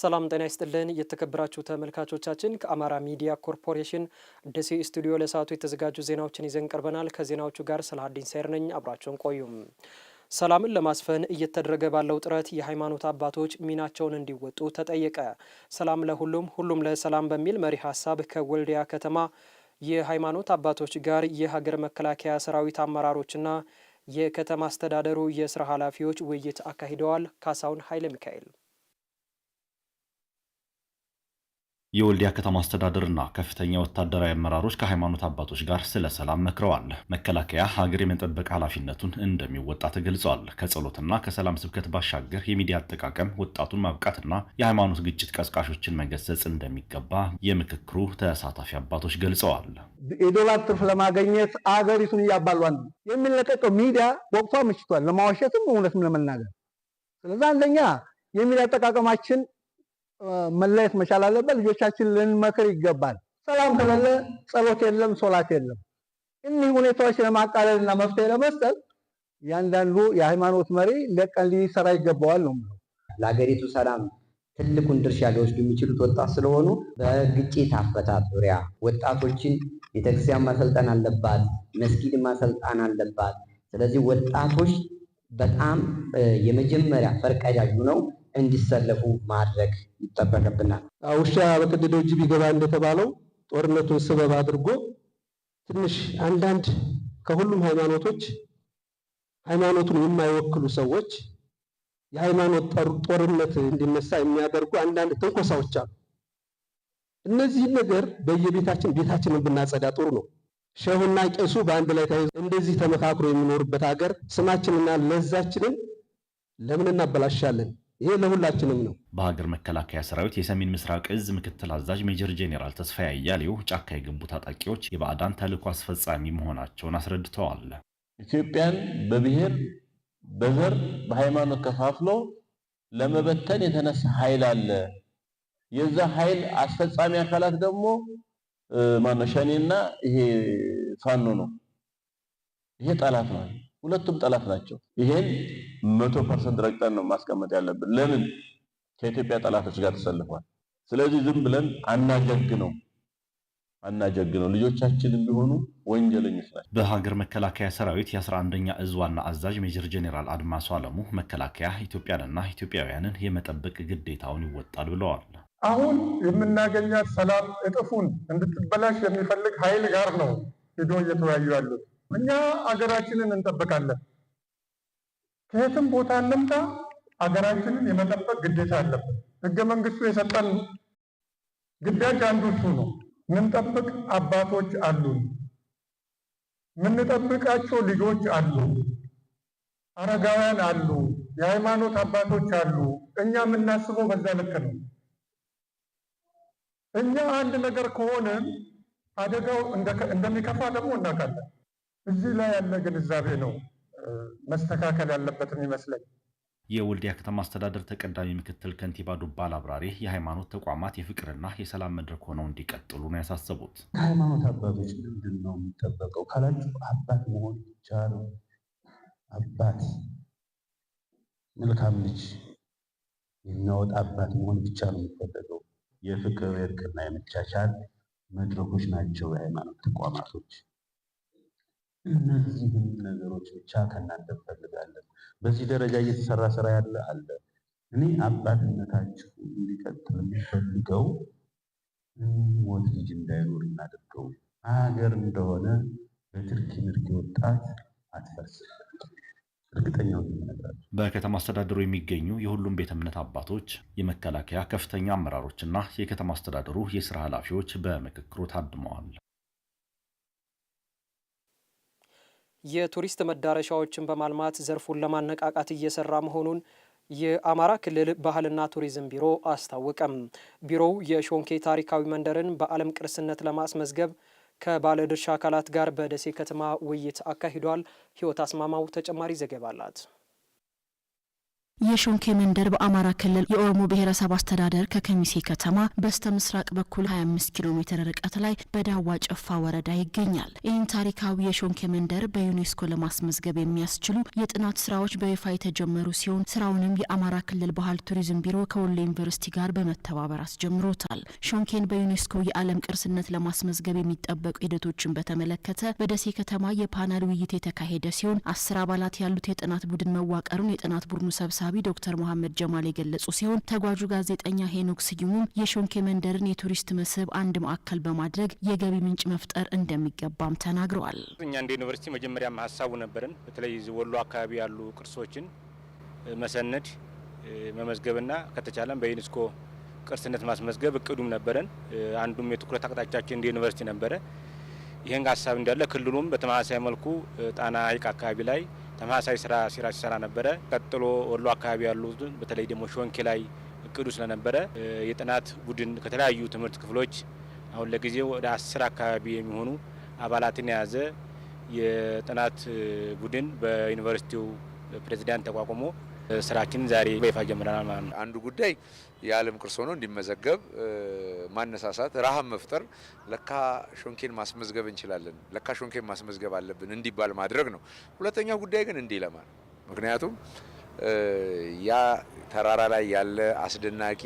ሰላም ጤና ይስጥልን። የተከበራችሁ ተመልካቾቻችን ከአማራ ሚዲያ ኮርፖሬሽን ደሴ ስቱዲዮ ለሰዓቱ የተዘጋጁ ዜናዎችን ይዘን ቀርበናል። ከዜናዎቹ ጋር ሰላሀዲን ሳይር ነኝ። አብራቸውን ቆዩም። ሰላምን ለማስፈን እየተደረገ ባለው ጥረት የሃይማኖት አባቶች ሚናቸውን እንዲወጡ ተጠየቀ። ሰላም ለሁሉም ሁሉም ለሰላም በሚል መሪ ሀሳብ ከወልዲያ ከተማ የሃይማኖት አባቶች ጋር የሀገር መከላከያ ሰራዊት አመራሮችና የከተማ አስተዳደሩ የስራ ኃላፊዎች ውይይት አካሂደዋል። ካሳሁን ኃይለ ሚካኤል የወልዲያ ከተማ አስተዳደርና ከፍተኛ ወታደራዊ አመራሮች ከሃይማኖት አባቶች ጋር ስለ ሰላም መክረዋል። መከላከያ ሀገር የመጠበቅ ኃላፊነቱን እንደሚወጣ ተገልጿል። ከጸሎትና ከሰላም ስብከት ባሻገር የሚዲያ አጠቃቀም ወጣቱን ማብቃትና የሃይማኖት ግጭት ቀስቃሾችን መገሰጽ እንደሚገባ የምክክሩ ተሳታፊ አባቶች ገልጸዋል። የዶላር ትርፍ ለማገኘት አገሪቱን እያባሏን የሚለቀቀው ሚዲያ ወቅቷ ምችቷል፣ ለማዋሸትም እውነትም ለመናገር ስለዚህ አንደኛ የሚዲያ አጠቃቀማችን መለየት መቻል አለበት። ልጆቻችን ልንመክር ይገባል። ሰላም ከሌለ ጸሎት የለም፣ ሶላት የለም። እኒህ ሁኔታዎች ለማቃለል እና መፍትሄ ለመስጠት እያንዳንዱ የሃይማኖት መሪ ለቀን ሊሰራ ይገባዋል ነው ለሀገሪቱ ሰላም ትልቁን ድርሻ ሊወስዱ የሚችሉት ወጣት ስለሆኑ በግጭት አፈታት ዙሪያ ወጣቶችን ቤተክርስቲያን ማሰልጠን አለባት፣ መስጊድ ማሰልጠን አለባት። ስለዚህ ወጣቶች በጣም የመጀመሪያ ፈርቀዳጅ ነው። እንዲሰለፉ ማድረግ ይጠበቅብናል። ውሻ በቀደደው ጅብ ይገባል እንደተባለው ጦርነቱን ስበብ አድርጎ ትንሽ አንዳንድ ከሁሉም ሃይማኖቶች ሃይማኖቱን የማይወክሉ ሰዎች የሃይማኖት ጦርነት እንዲነሳ የሚያደርጉ አንዳንድ ትንኮሳዎች አሉ። እነዚህ ነገር በየቤታችን ቤታችንን ብናጸዳ ጥሩ ነው። ሸሁና ቄሱ በአንድ ላይ ተይዞ እንደዚህ ተመካክሮ የሚኖርበት ሀገር ስማችንና ለዛችንን ለምን እናበላሻለን? ይሄ ለሁላችንም ነው። በሀገር መከላከያ ሰራዊት የሰሜን ምስራቅ እዝ ምክትል አዛዥ ሜጀር ጄኔራል ተስፋ አያሌው ጫካ የገቡ ታጣቂዎች የባዕዳን ተልኮ አስፈጻሚ መሆናቸውን አስረድተዋል። ኢትዮጵያን በብሔር በዘር በሃይማኖት ከፋፍሎ ለመበተን የተነሳ ኃይል አለ። የዛ ኃይል አስፈጻሚ አካላት ደግሞ ማነው ሸኔና ይሄ ፋኖ ነው። ይሄ ጠላት ነው። ሁለቱም ጠላት ናቸው። ይሄን መቶ ፐርሰንት ረግጠን ነው ማስቀመጥ ያለብን። ለምን ከኢትዮጵያ ጠላቶች ጋር ተሰልፏል። ስለዚህ ዝም ብለን አናጀግ ነው አናጀግ ነው። ልጆቻችንም ቢሆኑ ወንጀለኞች ናቸው። በሀገር መከላከያ ሰራዊት የ11ኛ እዝ ዋና አዛዥ ሜጀር ጄኔራል አድማሱ አለሙ መከላከያ ኢትዮጵያንና ኢትዮጵያውያንን የመጠበቅ ግዴታውን ይወጣል ብለዋል። አሁን የምናገኛት ሰላም እጥፉን እንድትበላሽ የሚፈልግ ኃይል ጋር ነው ሂዶ እየተወያዩ ያሉት እኛ አገራችንን እንጠብቃለን። ከየትም ቦታ እንምጣ፣ አገራችንን የመጠበቅ ግዴታ አለብን። ህገ መንግስቱ የሰጠን ግዳጅ አንዱ እሱ ነው። ምንጠብቅ አባቶች አሉን፣ ምንጠብቃቸው ልጆች አሉ፣ አረጋውያን አሉ፣ የሃይማኖት አባቶች አሉ። እኛ የምናስበው በዛ ልክ ነው። እኛ አንድ ነገር ከሆነ አደጋው እንደሚከፋ ደግሞ እናውቃለን። እዚህ ላይ ያለ ግንዛቤ ነው መስተካከል ያለበት ይመስለኝ። የወልዲያ ከተማ አስተዳደር ተቀዳሚ ምክትል ከንቲባ ዱባል አብራሪ የሃይማኖት ተቋማት የፍቅርና የሰላም መድረክ ሆነው እንዲቀጥሉ ነው ያሳሰቡት። ከሃይማኖት አባቶች ምንድን ነው የሚጠበቀው ካላችሁ አባት መሆን ብቻ ነው። አባት መልካም ልጅ የሚያወጣ አባት መሆን ብቻ ነው የሚፈለገው። የፍቅር የእርቅና የመቻቻል መድረኮች ናቸው የሃይማኖት ተቋማቶች። እነዚህን ነገሮች ብቻ ከእናንተ እንፈልጋለን። በዚህ ደረጃ እየተሰራ ስራ ያለ አለ። እኔ አባትነታችሁ እንዲቀጥል የሚፈልገው ሞት ልጅ እንዳይኖር እናደርገው። ሀገር እንደሆነ በትርኪ ምርኪ ወጣት አትፈርስም። በከተማ አስተዳደሩ የሚገኙ የሁሉም ቤተ እምነት አባቶች፣ የመከላከያ ከፍተኛ አመራሮችና የከተማ አስተዳደሩ የስራ ኃላፊዎች በምክክሩ ታድመዋል። የቱሪስት መዳረሻዎችን በማልማት ዘርፉን ለማነቃቃት እየሰራ መሆኑን የአማራ ክልል ባህልና ቱሪዝም ቢሮ አስታወቀም። ቢሮው የሾንኬ ታሪካዊ መንደርን በዓለም ቅርስነት ለማስመዝገብ ከባለድርሻ አካላት ጋር በደሴ ከተማ ውይይት አካሂዷል። ህይወት አስማማው ተጨማሪ ዘገባ አላት። የሾንኬ መንደር በአማራ ክልል የኦሮሞ ብሔረሰብ አስተዳደር ከከሚሴ ከተማ በስተ ምስራቅ በኩል 25 ኪሎ ሜትር ርቀት ላይ በዳዋ ጨፋ ወረዳ ይገኛል። ይህን ታሪካዊ የሾንኬ መንደር በዩኔስኮ ለማስመዝገብ የሚያስችሉ የጥናት ስራዎች በይፋ የተጀመሩ ሲሆን ስራውንም የአማራ ክልል ባህል ቱሪዝም ቢሮ ከወሎ ዩኒቨርሲቲ ጋር በመተባበር አስጀምሮታል። ሾንኬን በዩኔስኮ የዓለም ቅርስነት ለማስመዝገብ የሚጠበቁ ሂደቶችን በተመለከተ በደሴ ከተማ የፓናል ውይይት የተካሄደ ሲሆን አስር አባላት ያሉት የጥናት ቡድን መዋቀሩን የጥናት ቡድኑ ሰብሳ ሰብሳቢ ዶክተር መሐመድ ጀማል የገለጹ ሲሆን ተጓዡ ጋዜጠኛ ሄኖክ ስዩሙም የሾንኬ መንደርን የቱሪስት መስህብ አንድ ማዕከል በማድረግ የገቢ ምንጭ መፍጠር እንደሚገባም ተናግረዋል። እኛ እንደ ዩኒቨርሲቲ መጀመሪያም ሀሳቡ ነበርን። በተለይ ወሎ አካባቢ ያሉ ቅርሶችን መሰነድ መመዝገብና ከተቻለም በዩኔስኮ ቅርስነት ማስመዝገብ እቅዱም ነበረን። አንዱም የትኩረት አቅጣጫችን እንደ ዩኒቨርሲቲ ነበረ። ይህን ሀሳብ እንዳለ ክልሉም በተመሳሳይ መልኩ ጣና ሐይቅ አካባቢ ላይ ተመሳሳይ ስራ ሲራ ሲሰራ ነበረ። ቀጥሎ ወሎ አካባቢ ያሉ በተለይ ደግሞ ሾንኬ ላይ እቅዱ ስለነበረ የጥናት ቡድን ከተለያዩ ትምህርት ክፍሎች አሁን ለጊዜው ወደ አስር አካባቢ የሚሆኑ አባላትን የያዘ የጥናት ቡድን በዩኒቨርሲቲው ፕሬዚዳንት ተቋቁሞ ስራችን ዛሬ በይፋ ጀምረናል ማለት ነው። አንዱ ጉዳይ የዓለም ቅርስ ሆኖ እንዲመዘገብ ማነሳሳት፣ ረሃብ መፍጠር፣ ለካ ሾንኬን ማስመዝገብ እንችላለን፣ ለካ ሾንኬን ማስመዝገብ አለብን እንዲባል ማድረግ ነው። ሁለተኛው ጉዳይ ግን እንዲህ ነው። ምክንያቱም ያ ተራራ ላይ ያለ አስደናቂ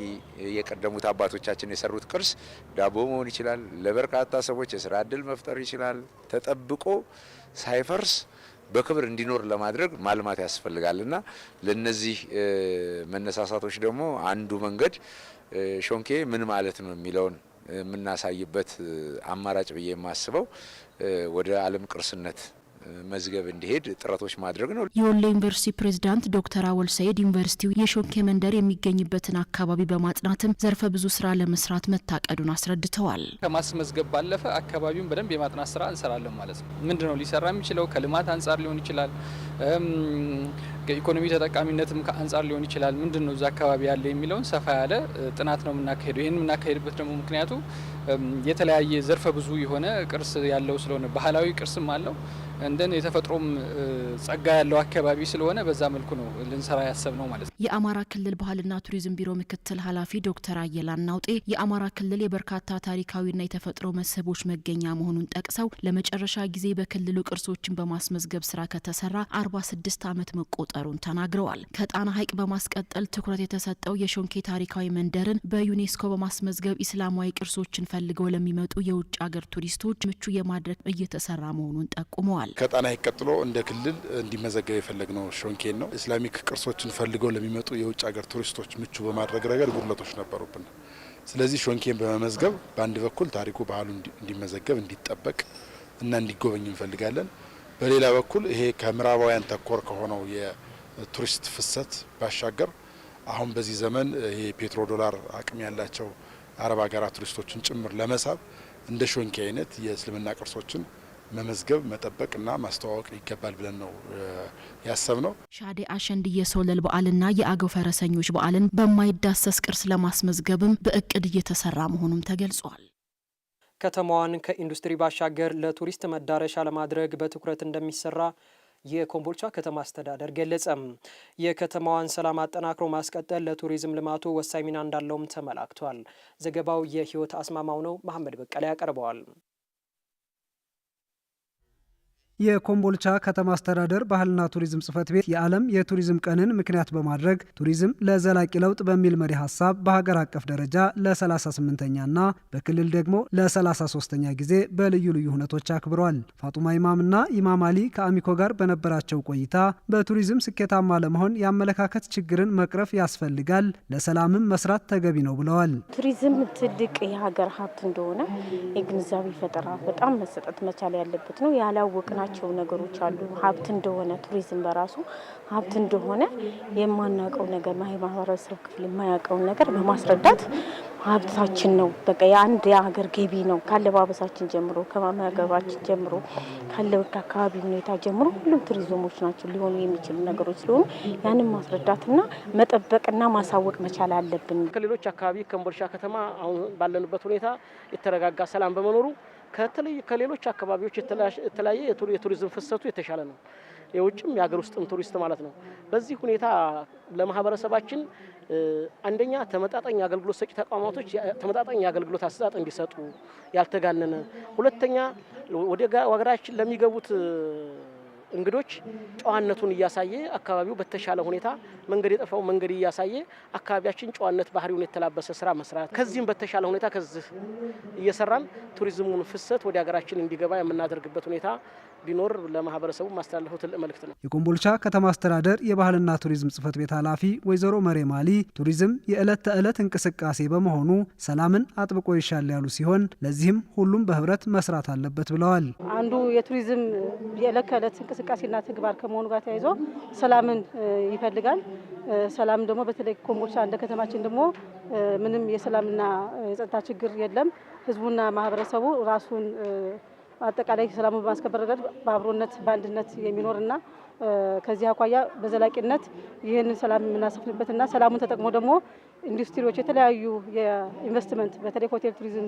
የቀደሙት አባቶቻችን የሰሩት ቅርስ ዳቦ መሆን ይችላል፣ ለበርካታ ሰዎች የስራ እድል መፍጠር ይችላል፣ ተጠብቆ ሳይፈርስ በክብር እንዲኖር ለማድረግ ማልማት ያስፈልጋል እና ለነዚህ መነሳሳቶች ደግሞ አንዱ መንገድ ሾንኬ ምን ማለት ነው የሚለውን የምናሳይበት አማራጭ ብዬ የማስበው ወደ ዓለም ቅርስነት መዝገብ እንዲሄድ ጥረቶች ማድረግ ነው። የወሎ ዩኒቨርሲቲ ፕሬዝዳንት ዶክተር አወል ሰይድ ዩኒቨርሲቲው የሾኬ መንደር የሚገኝበትን አካባቢ በማጥናትም ዘርፈ ብዙ ስራ ለመስራት መታቀዱን አስረድተዋል። ከማስመዝገብ ባለፈ አካባቢውን በደንብ የማጥናት ስራ እንሰራለን ማለት ነው። ምንድነው ሊሰራ የሚችለው? ከልማት አንጻር ሊሆን ይችላል ከኢኮኖሚ ተጠቃሚነትም ከአንጻር ሊሆን ይችላል። ምንድን ነው እዛ አካባቢ ያለ የሚለውን ሰፋ ያለ ጥናት ነው የምናካሄደው። ይህን የምናካሄድበት ደግሞ ምክንያቱ የተለያየ ዘርፈ ብዙ የሆነ ቅርስ ያለው ስለሆነ ባህላዊ ቅርስም አለው እንደን የተፈጥሮም ጸጋ ያለው አካባቢ ስለሆነ በዛ መልኩ ነው ልንሰራ ያሰብ ነው ማለት ነው። የአማራ ክልል ባህልና ቱሪዝም ቢሮ ምክትል ኃላፊ ዶክተር አየላ ናውጤ የአማራ ክልል የበርካታ ታሪካዊና የተፈጥሮ መስህቦች መገኛ መሆኑን ጠቅሰው ለመጨረሻ ጊዜ በክልሉ ቅርሶችን በማስመዝገብ ስራ ከተሰራ ስድስት ዓመት መቆጠ መፈጠሩን ተናግረዋል። ከጣና ሐይቅ በማስቀጠል ትኩረት የተሰጠው የሾንኬ ታሪካዊ መንደርን በዩኔስኮ በማስመዝገብ ኢስላማዊ ቅርሶችን ፈልገው ለሚመጡ የውጭ ሀገር ቱሪስቶች ምቹ የማድረግ እየተሰራ መሆኑን ጠቁመዋል። ከጣና ሐይቅ ቀጥሎ እንደ ክልል እንዲመዘገብ የፈለግነው ሾንኬን ነው። ኢስላሚክ ቅርሶችን ፈልገው ለሚመጡ የውጭ ሀገር ቱሪስቶች ምቹ በማድረግ ረገድ ጉድለቶች ነበሩብን። ስለዚህ ሾንኬን በመመዝገብ በአንድ በኩል ታሪኩ ባህሉ እንዲመዘገብ እንዲጠበቅ እና እንዲጎበኝ እንፈልጋለን። በሌላ በኩል ይሄ ከምዕራባውያን ተኮር ከሆነው ቱሪስት ፍሰት ባሻገር አሁን በዚህ ዘመን ይሄ ፔትሮ ዶላር አቅም ያላቸው አረብ ሀገራት ቱሪስቶችን ጭምር ለመሳብ እንደ ሾንኪ አይነት የእስልምና ቅርሶችን መመዝገብ መጠበቅና ማስተዋወቅ ይገባል ብለን ነው ያሰብ ነው። ሻዴ አሸንድ የሶለል በዓልና የአገው ፈረሰኞች በዓልን በማይዳሰስ ቅርስ ለማስመዝገብም በእቅድ እየተሰራ መሆኑም ተገልጿል። ከተማዋን ከኢንዱስትሪ ባሻገር ለቱሪስት መዳረሻ ለማድረግ በትኩረት እንደሚሰራ የኮምቦልቻ ከተማ አስተዳደር ገለጸም። የከተማዋን ሰላም አጠናክሮ ማስቀጠል ለቱሪዝም ልማቱ ወሳኝ ሚና እንዳለውም ተመላክቷል። ዘገባው የህይወት አስማማው ነው። መሐመድ በቀለ ያቀርበዋል። የኮምቦልቻ ከተማ አስተዳደር ባህልና ቱሪዝም ጽህፈት ቤት የዓለም የቱሪዝም ቀንን ምክንያት በማድረግ ቱሪዝም ለዘላቂ ለውጥ በሚል መሪ ሀሳብ በሀገር አቀፍ ደረጃ ለ 38 እና በክልል ደግሞ ለ33ኛ ጊዜ በልዩ ልዩ ሁነቶች አክብረዋል። ፋጡማ ኢማምና ኢማም አሊ ከአሚኮ ጋር በነበራቸው ቆይታ በቱሪዝም ስኬታማ ለመሆን የአመለካከት ችግርን መቅረፍ ያስፈልጋል፣ ለሰላምም መስራት ተገቢ ነው ብለዋል። ቱሪዝም ትልቅ የሀገር ሀብት እንደሆነ የግንዛቤ ፈጠራ በጣም መሰጠት መቻል ያለበት ነው። ያላወቅናቸው የምናውቃቸው ነገሮች አሉ። ሀብት እንደሆነ ቱሪዝም በራሱ ሀብት እንደሆነ የማናውቀው ነገር ማህበረሰብ ክፍል የማያውቀውን ነገር በማስረዳት ሀብታችን ነው። በቃ የአንድ የሀገር ገቢ ነው። ካለባበሳችን ጀምሮ፣ ከመመገባችን ጀምሮ፣ ካለው አካባቢ ሁኔታ ጀምሮ ሁሉም ቱሪዝሞች ናቸው ሊሆኑ የሚችሉ ነገሮች ስለሆኑ ያንን ማስረዳትና መጠበቅና ማሳወቅ መቻል አለብን። ከሌሎች አካባቢ ኮምቦልቻ ከተማ አሁን ባለንበት ሁኔታ የተረጋጋ ሰላም በመኖሩ ከሌሎች አካባቢዎች የተለያየ የቱሪዝም ፍሰቱ የተሻለ ነው። የውጭም የሀገር ውስጥም ቱሪስት ማለት ነው። በዚህ ሁኔታ ለማህበረሰባችን አንደኛ ተመጣጣኝ አገልግሎት ሰጪ ተቋማቶች ተመጣጣኝ የአገልግሎት አሰጣጥ እንዲሰጡ ያልተጋነነ፣ ሁለተኛ ወደ ሀገራችን ለሚገቡት እንግዶች ጨዋነቱን እያሳየ አካባቢው በተሻለ ሁኔታ መንገድ የጠፋው መንገድ እያሳየ አካባቢያችን ጨዋነት ባህሪውን የተላበሰ ስራ መስራት ከዚህም በተሻለ ሁኔታ ከዚህ እየሰራን ቱሪዝሙን ፍሰት ወደ ሀገራችን እንዲገባ የምናደርግበት ሁኔታ ቢኖር ለማህበረሰቡ ማስተላለፈው ትልቅ መልእክት ነው። የኮምቦልቻ ከተማ አስተዳደር የባህልና ቱሪዝም ጽህፈት ቤት ኃላፊ ወይዘሮ መሬ ማሊ ቱሪዝም የዕለት ተዕለት እንቅስቃሴ በመሆኑ ሰላምን አጥብቆ ይሻል ያሉ ሲሆን ለዚህም ሁሉም በህብረት መስራት አለበት ብለዋል። አንዱ የቱሪዝም የዕለት ከዕለት እንቅስቃሴና ተግባር ከመሆኑ ጋር ተያይዞ ሰላምን ይፈልጋል። ሰላም ደግሞ በተለይ ኮምቦልቻ እንደ ከተማችን ደግሞ ምንም የሰላምና የጸጥታ ችግር የለም። ህዝቡና ማህበረሰቡ ራሱን አጠቃላይ ሰላሙን በማስከበር ረገድ በአብሮነት በአንድነት የሚኖርና ከዚህ አኳያ በዘላቂነት ይህንን ሰላም የምናሰፍንበትና ሰላሙን ተጠቅሞ ደግሞ ኢንዱስትሪዎች የተለያዩ የኢንቨስትመንት በተለይ ሆቴል ቱሪዝም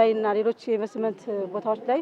ላይና ሌሎች የኢንቨስትመንት ቦታዎች ላይ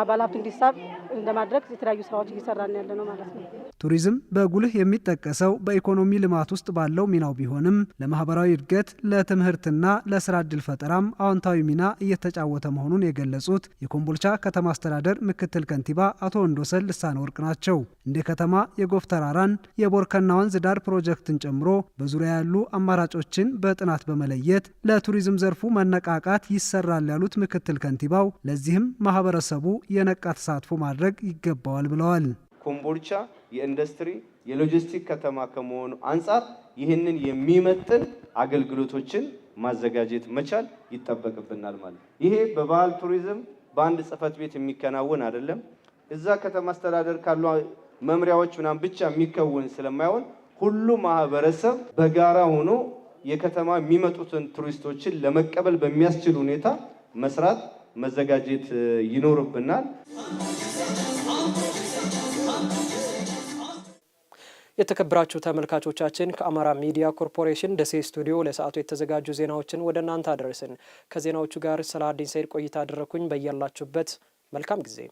አባላት እንዲሳብ እንደማድረግ የተለያዩ ስራዎች እየሰራን ያለ ነው ማለት ነው። ቱሪዝም በጉልህ የሚጠቀሰው በኢኮኖሚ ልማት ውስጥ ባለው ሚናው ቢሆንም ለማህበራዊ እድገት፣ ለትምህርትና ለስራ እድል ፈጠራም አዎንታዊ ሚና እየተጫወተ መሆኑን የገለጹት የኮምቦልቻ ከተማ አስተዳደር ምክትል ከንቲባ አቶ ወንዶሰን ልሳነ ወርቅ ናቸው። እንደ ከተማ የጎፍ ተራራን፣ የቦርከና ወንዝ ዳር ፕሮጀክትን ጨምሮ በዙሪያ ያሉ አማራጮችን በጥናት በመለየት ለቱሪዝም ዘርፉ መነቃቃት ይሰራል ያሉት ምክትል ከንቲባው ለዚህም ማህበረ ህብረተሰቡ የነቃ ተሳትፎ ማድረግ ይገባዋል ብለዋል። ኮምቦልቻ የኢንዱስትሪ የሎጂስቲክ ከተማ ከመሆኑ አንጻር ይህንን የሚመጥን አገልግሎቶችን ማዘጋጀት መቻል ይጠበቅብናል ማለት ይሄ በባህል ቱሪዝም በአንድ ጽህፈት ቤት የሚከናወን አይደለም። እዛ ከተማ አስተዳደር ካሉ መምሪያዎች ምናምን ብቻ የሚከወን ስለማይሆን ሁሉ ማህበረሰብ በጋራ ሆኖ የከተማ የሚመጡትን ቱሪስቶችን ለመቀበል በሚያስችል ሁኔታ መስራት መዘጋጀት ይኖርብናል። የተከበራችሁ ተመልካቾቻችን ከአማራ ሚዲያ ኮርፖሬሽን ደሴ ስቱዲዮ ለሰዓቱ የተዘጋጁ ዜናዎችን ወደ እናንተ አደረስን። ከዜናዎቹ ጋር ስለ አዲስ ሰይድ ቆይታ አደረኩኝ። በያላችሁበት መልካም ጊዜ